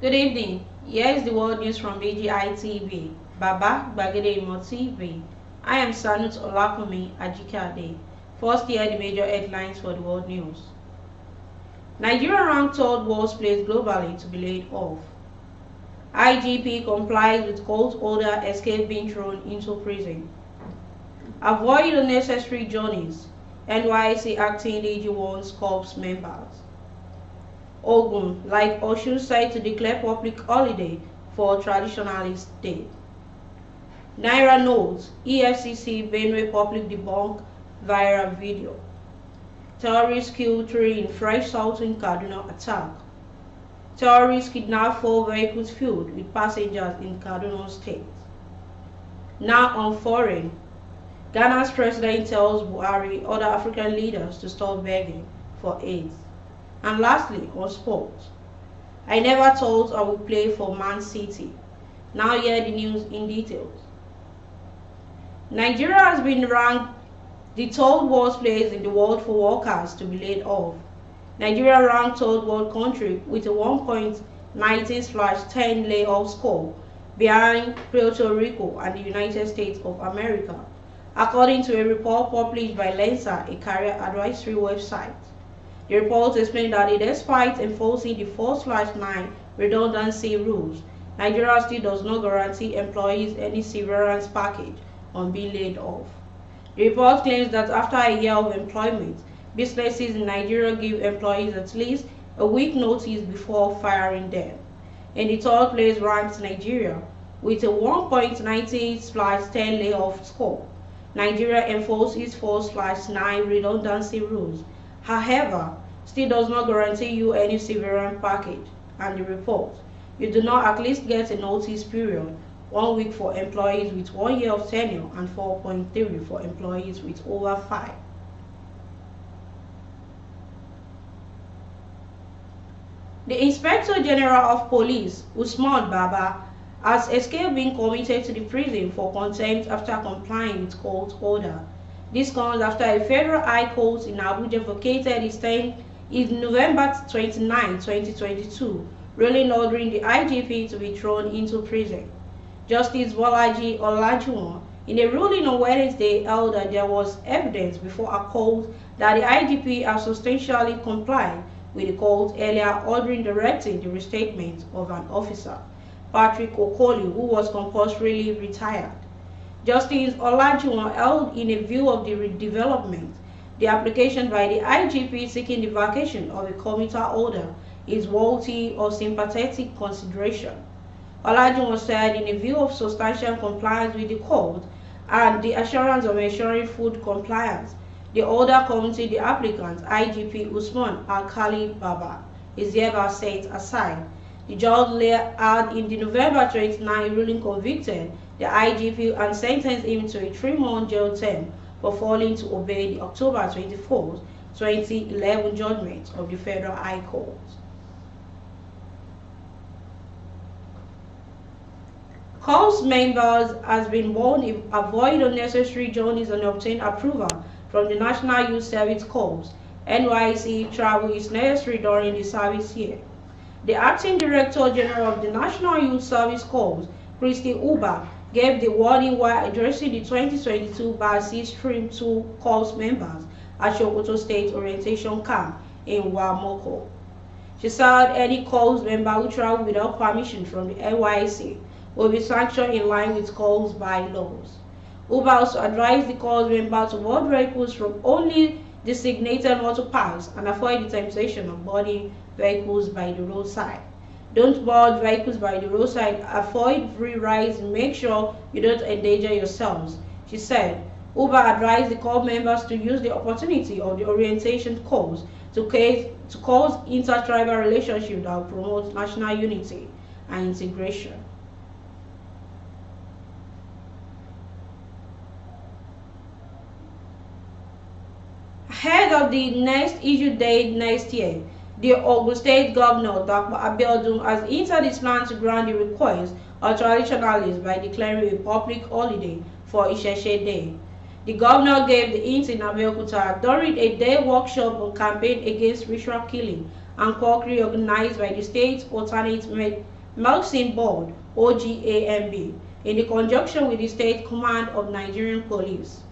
Good evening. Here is the world news from BGI TV. Baba Gbagede Imo TV. I am Sanut Olakumi Ajikade. First here the major headlines for the world news. Nigeria ranked third worst place globally to be laid off. IGP complies with court order escape being thrown into prison. Avoid unnecessary journeys. NYC acting DG warns corps members. Ogun, like Oshun said, to declare public holiday for traditionalist day. Naira notes, EFCC Benue public debunk via video. Terrorists killed three in fresh Sultan cardinal attack. Terrorists kidnapped four vehicles filled with passengers in cardinal state. Now on foreign, Ghana's president tells Buhari other African leaders to stop begging for aid. And lastly, on sport. I never thought I would play for Man City. Now hear the news in details. Nigeria has been ranked the third worst place in the world for workers to be laid off. Nigeria ranked third world country with a 1.19 slash 10 layoff score behind Puerto Rico and the United States of America, according to a report published by Lensa, a career advisory website. The report explains that it despite enforcing the 4-9 redundancy rules, Nigeria still does not guarantee employees any severance package on being laid off. The report claims that after a year of employment, businesses in Nigeria give employees at least a week notice before firing them. In the third place ranks Nigeria, with a 1.90/10 layoff score. Nigeria enforces 4/9 redundancy rules However, still does not guarantee you any severance package and the report. You do not at least get a notice period, one week for employees with one year of tenure and 4.3 for employees with over five. The Inspector General of Police, Usman Baba, has escaped being committed to the prison for contempt after complying with court order this comes after a federal high court in Abuja vacated its term in November 29, 2022, ruling ordering the IGP to be thrown into prison. Justice Walaji Olajuwon, in a ruling on Wednesday, held that there was evidence before a court that the IGP had substantially complied with the court earlier ordering directing the restatement of an officer, Patrick Okoli, who was compulsorily retired. Justice Olajuwon held in a view of the redevelopment. The application by the IGP seeking the vacation of a commuter order is worthy of sympathetic consideration. Olajuwon said in a view of substantial compliance with the code and the assurance of ensuring food compliance, the order committed the applicant, IGP Usman al Baba, is hereby set aside the judge later had in the November 29 ruling convicted the IGP and sentenced him to a three-month jail term for failing to obey the October 24, 2011 judgment of the Federal High Court. Corps members has been warned if avoid unnecessary journeys and obtain approval from the National Youth Service Corps. NYC travel is necessary during the service year. The acting director general of the National Youth Service Corps, Christy Uba, gave the warning while addressing the 2022 BASI Stream 2 Corps members at Shokoto State Orientation Camp in Wamoko. She said any Corps member who travels without permission from the NYC will be sanctioned in line with Corps bylaws. Uber also advised the Corps members to board vehicles from only designated motor paths and avoid the temptation of boarding vehicles by the roadside. Don't board vehicles by the roadside. Avoid free rides. Make sure you don't endanger yourselves. She said, Uber advised the club members to use the opportunity of the orientation course to, case, to cause intertribal relationship that will promote national unity and integration. Ahead of the next issue date next year, the Ogun State Governor, Dr. Abiodun, has entered his plan to grant the request of traditionalists by declaring a public holiday for Isheshe Day. The governor gave the hint in Abeokuta during a day workshop on campaign against ritual killing and cookery organized by the state's alternate medicine board, OGAMB, in the conjunction with the state command of Nigerian police.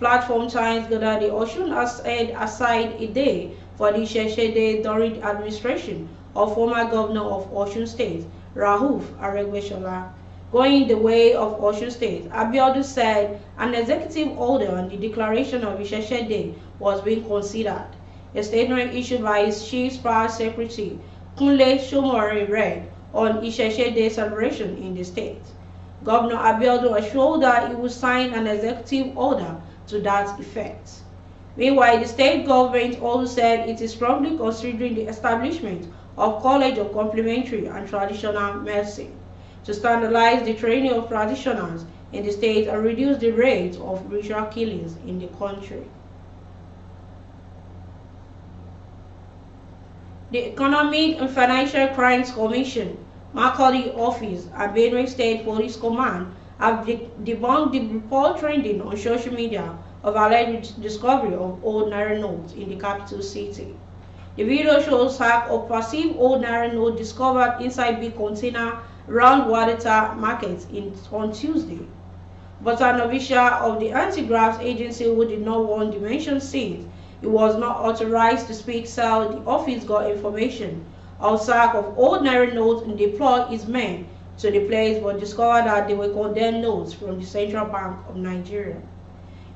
Platform Times gathered the Oshun has set eh, aside a day for the Sheshede Dorid administration of former governor of Oshun State, Rahuf Aregbesola. Going the way of Oshun State, Abiodun said an executive order on the declaration of Isheshede was being considered. A statement issued by his chief press secretary, Kunle Shomori, read on Isheshede celebration in the state. Governor Abiodun assured that he would sign an executive order to that effect. Meanwhile, the state government also said it is strongly considering the establishment of College of Complementary and Traditional Medicine to standardize the training of practitioners in the state and reduce the rate of ritual killings in the country. The Economic and Financial Crimes Commission, Macaulay Office, and Benue State Police Command have debunked the report trending on social media of alleged discovery of old Naira notes in the capital city. The video shows sack of perceived old Naira note discovered inside big container round Wadata market in, on Tuesday. But an official of the anti-graft agency who did not want to mention said he was not authorized to speak so the office got information of sack of old Naira notes and deployed his men to the place but discovered that they were condemned notes from the Central Bank of Nigeria.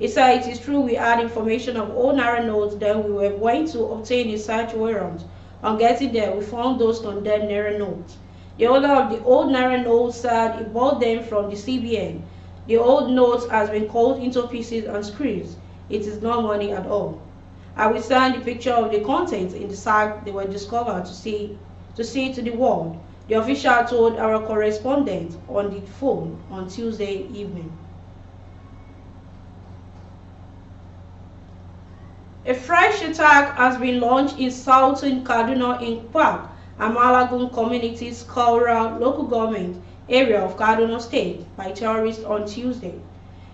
He said, it is true we had information of all narrow nodes, then we were going to obtain a search warrant. On getting there, we found those condemned narrow nodes. The owner of the old narrow nodes said he bought them from the CBN. The old nodes has been cut into pieces and screens. It is not money at all. I will send the picture of the contents in the sack they were discovered to see to see to the world. The official told our correspondent on the phone on Tuesday evening. A fresh attack has been launched in southern Kaduna in Kwab, Amalagun Community's Kaura local government area of Kaduna State by terrorists on Tuesday.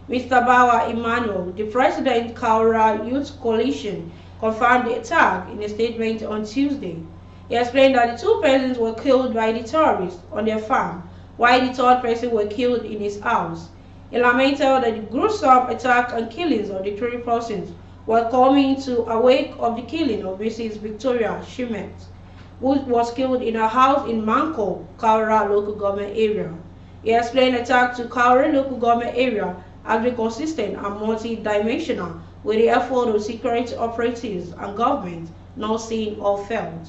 Mr. Bawa Emmanuel, the president Kaura Youth Coalition, confirmed the attack in a statement on Tuesday. He explained that the two persons were killed by the terrorists on their farm, while the third person was killed in his house. He lamented that the gruesome attack and killings of the three persons were coming to awake of the killing of Mrs. Victoria Shimet, who was killed in a house in Manko, Kaura local government area. He explained attack to Kaura local government area as been consistent and multi-dimensional with the effort of security operatives and government not seen or felt.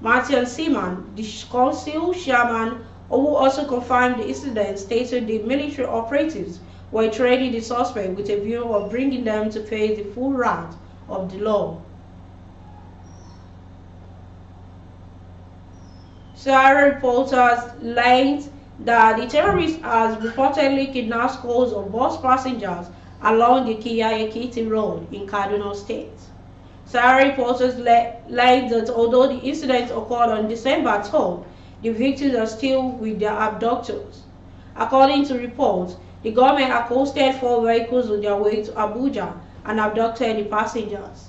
Martin Seaman, the council chairman, who also confirmed the incident, stated the military operatives were trading the suspect with a view of bringing them to face the full wrath of the law. Sarah reporters learned that the terrorist has reportedly kidnapped scores of bus passengers along the Kiyayakiti Road in Cardinal State. Sarah reporters learned that although the incident occurred on December 12, the victims are still with their abductors. According to reports, the government accosted four vehicles on their way to Abuja and abducted the passengers.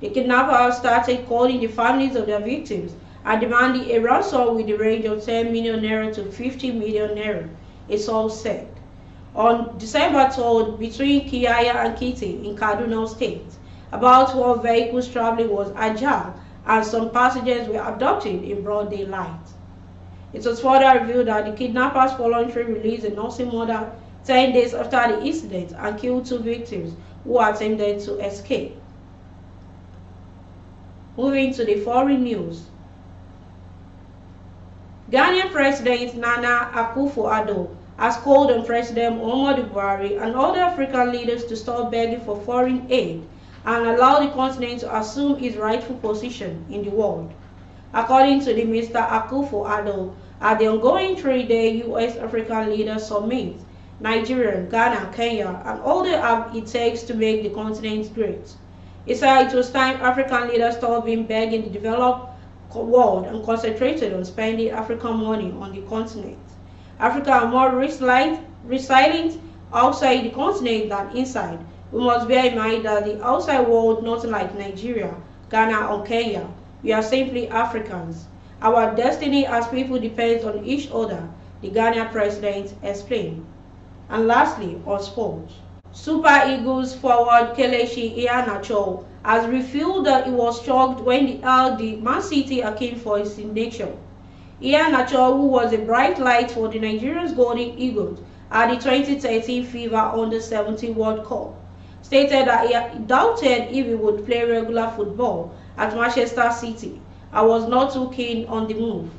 The kidnappers started calling the families of their victims and demanding a ransom with the range of 10 million naira to 50 million naira, it's all said. On December 3rd, between Kiaya and Kiti in Kaduna State, about 12 vehicles traveling was agile and some passengers were abducted in broad daylight. It was further revealed that the kidnappers voluntarily released a nursing mother 10 days after the incident and killed two victims who attempted to escape. Moving to the foreign news. Ghanaian President Nana Akufo-Addo has called on President Omar Buhari and other African leaders to stop begging for foreign aid and allow the continent to assume its rightful position in the world. According to the Mr. Akufo-Addo, at the ongoing three-day U.S.-African Leaders Summit Nigeria, Ghana, Kenya, and all the help it takes to make the continent great. He said it was time African leaders stopped being begging the developed world and concentrated on spending African money on the continent. Africa are more resilient outside the continent than inside. We must bear in mind that the outside world, not like Nigeria, Ghana, or Kenya, we are simply Africans. Our destiny as people depends on each other, the Ghana president explained. And lastly, on sports. Super Eagles forward Kelechi Iheanacho has revealed that he was shocked when he held the Man City akin for his signature. Iheanacho, who was a bright light for the Nigerian's Golden Eagles at the 2013 FIFA Under-17 World Cup, stated that he doubted if he would play regular football at Manchester City. I was not too keen on the move.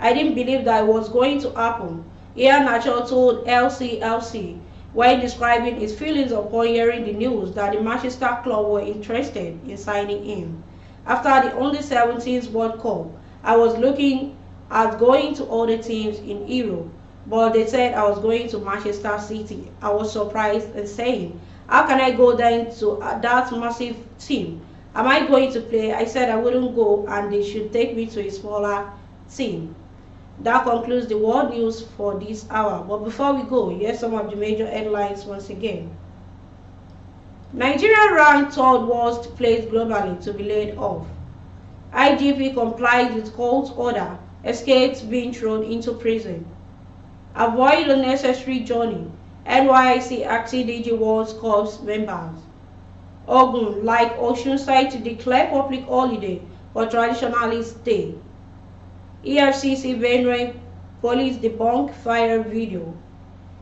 I didn't believe that it was going to happen. Air Nature told LCLC while describing his feelings upon hearing the news that the Manchester club were interested in signing him. After the only 17th World Cup, I was looking at going to other teams in Europe, but they said I was going to Manchester City. I was surprised and saying, how can I go then to uh, that massive team? Am I going to play? I said I wouldn't go and they should take me to a smaller team. That concludes the world news for this hour. But before we go, here's some of the major headlines once again. Nigeria ranked third worst place globally to be laid off. IGP complies with court order, escapes being thrown into prison. Avoid unnecessary journey, NYC ACTDG World Cups members. Ogun like Oceanside to declare public holiday for Traditionalist Day. ERCC Wainwright police debunk fire video.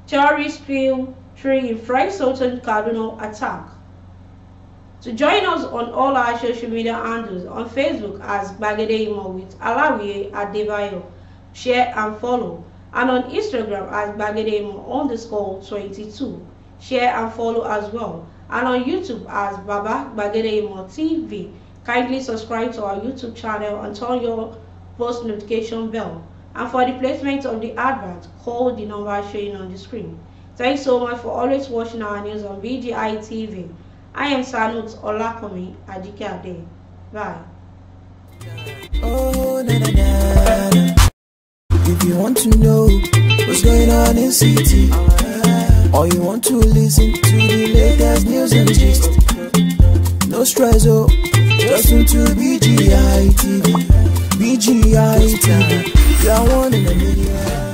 Terrorist film three in Frank Sultan Cardinal attack. To join us on all our social media handles on Facebook as Bagede Imo with Alawiye Adebayo. Share and follow. And on Instagram as Bagede Imo underscore 22. Share and follow as well. And on YouTube as Baba Bagede Imo TV. Kindly subscribe to our YouTube channel and turn your post notification bell. And for the placement of the advert, call the number shown on the screen. Thanks so much for always watching our news on VGI TV. I am Sanut Olakomi Adikade. Bye. Oh, na, na, na. If you want to know what's going on in city, or you want to listen to the latest news and gist, no stress, oh, just to BGI TV. BGI time. You're one in a million.